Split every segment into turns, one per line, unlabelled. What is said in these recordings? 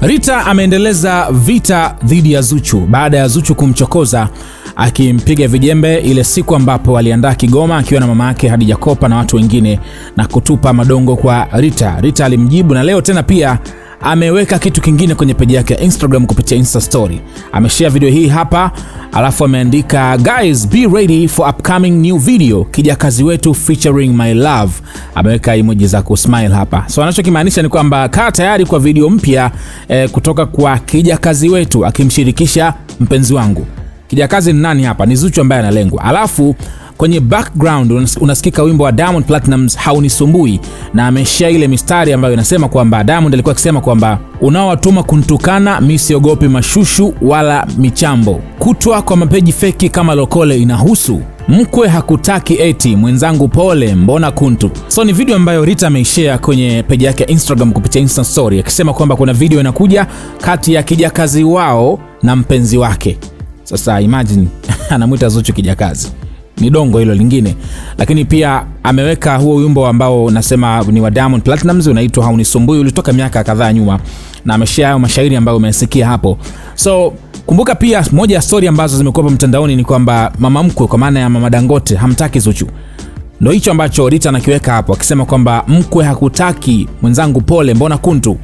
Rita ameendeleza vita dhidi ya Zuchu baada ya Zuchu kumchokoza akimpiga vijembe ile siku ambapo aliandaa Kigoma akiwa na mama yake Hadija Kopa na watu wengine na kutupa madongo kwa Rita. Rita alimjibu na leo tena pia ameweka kitu kingine kwenye peji yake ya Instagram kupitia Insta story. Ameshare video hii hapa, alafu ameandika guys be ready for upcoming new video kijakazi wetu featuring my love. Ameweka emoji za smile hapa, so anachokimaanisha ni kwamba kaa tayari kwa video mpya eh, kutoka kwa kijakazi wetu akimshirikisha mpenzi wangu. Kijakazi ni nani hapa? Ni Zuchu ambaye analengwa, alafu Kwenye background unasikika wimbo wa Diamond Platinums haunisumbui, na ameshia ile mistari ambayo inasema kwamba Diamond alikuwa akisema kwamba unaowatuma kuntukana mi siogopi mashushu wala michambo, kutwa kwa mapeji feki kama lokole inahusu mkwe hakutaki eti mwenzangu pole mbona kuntu. So ni video ambayo Rita ameishare kwenye peji yake ya Instagram kupitia Insta story akisema kwamba kuna video inakuja kati ya kijakazi wao na mpenzi wake. Sasa imagine anamwita Zuchu kijakazi ni dongo hilo lingine, lakini pia ameweka huo wimbo ambao unasema ni wa Diamond Platnumz unaitwa Haunisumbui, ulitoka miaka kadhaa nyuma, na ameshare hayo mashairi ambayo umesikia hapo. So kumbuka pia, moja ya story ambazo zimekuwa mtandaoni ni kwamba mama mkwe, kwa maana ya mama Dangote, hamtaki Zuchu. Ndio hicho ambacho Rita anakiweka hapo, akisema kwamba mkwe hakutaki mwenzangu, pole, mbona kuntu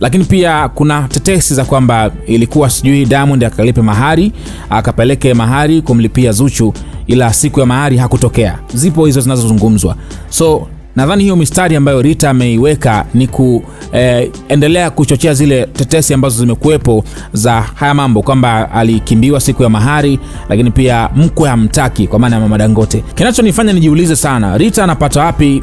lakini pia kuna tetesi za kwamba ilikuwa sijui Diamond akalipe mahari akapeleke mahari kumlipia Zuchu, ila siku ya mahari hakutokea. Zipo hizo zinazozungumzwa, so nadhani hiyo mistari ambayo Rita ameiweka ni kuendelea eh, kuchochea zile tetesi ambazo zimekuwepo za haya mambo kwamba alikimbiwa siku ya mahari, lakini pia mkwe hamtaki, kwa maana ya mama Dangote. Kinachonifanya nijiulize sana, Rita anapata wapi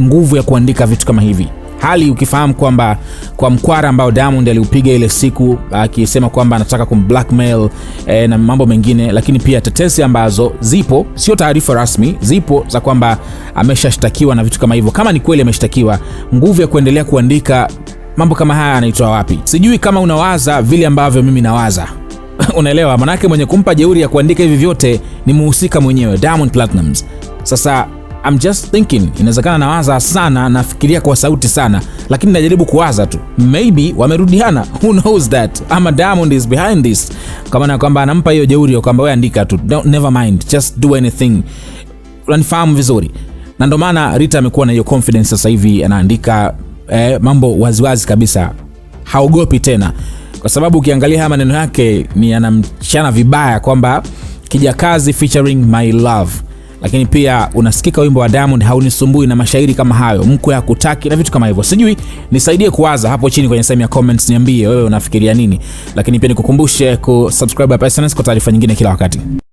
nguvu ya kuandika vitu kama hivi? hali ukifahamu kwamba kwa mkwara ambao Diamond aliupiga ile siku akisema kwamba anataka kumblackmail e, na mambo mengine, lakini pia tetesi ambazo zipo, sio taarifa rasmi, zipo za kwamba ameshashtakiwa na vitu kama hivyo. Kama ni kweli ameshtakiwa, nguvu ya kuendelea kuandika mambo kama haya anaitwa wapi? Sijui kama unawaza vile ambavyo mimi nawaza unaelewa, manake mwenye kumpa jeuri ya kuandika hivi vyote ni muhusika mwenyewe Diamond platinums Sasa I'm just thinking, inawezekana nawaza sana, nafikiria kwa sauti sana, lakini najaribu kuwaza tu, maybe wamerudiana, who knows that, ama Diamond is behind this, kama na kwamba anampa hiyo jeuri kwamba wewe andika tu, don't never mind, just do anything. Unanifahamu vizuri, na ndio maana Rita amekuwa na hiyo confidence sasa hivi anaandika eh, mambo waziwazi wazi kabisa, haogopi tena, kwa sababu ukiangalia haya maneno yake ni anamchana vibaya kwamba Kijakazi featuring my love lakini pia unasikika wimbo wa Diamond haunisumbui na mashairi kama hayo, mkwe hakutaki na vitu kama hivyo. Sijui nisaidie kuwaza hapo chini kwenye sehemu ya comments, niambie wewe unafikiria nini, lakini pia nikukumbushe kusubscribe hapa SnS kwa taarifa nyingine kila wakati.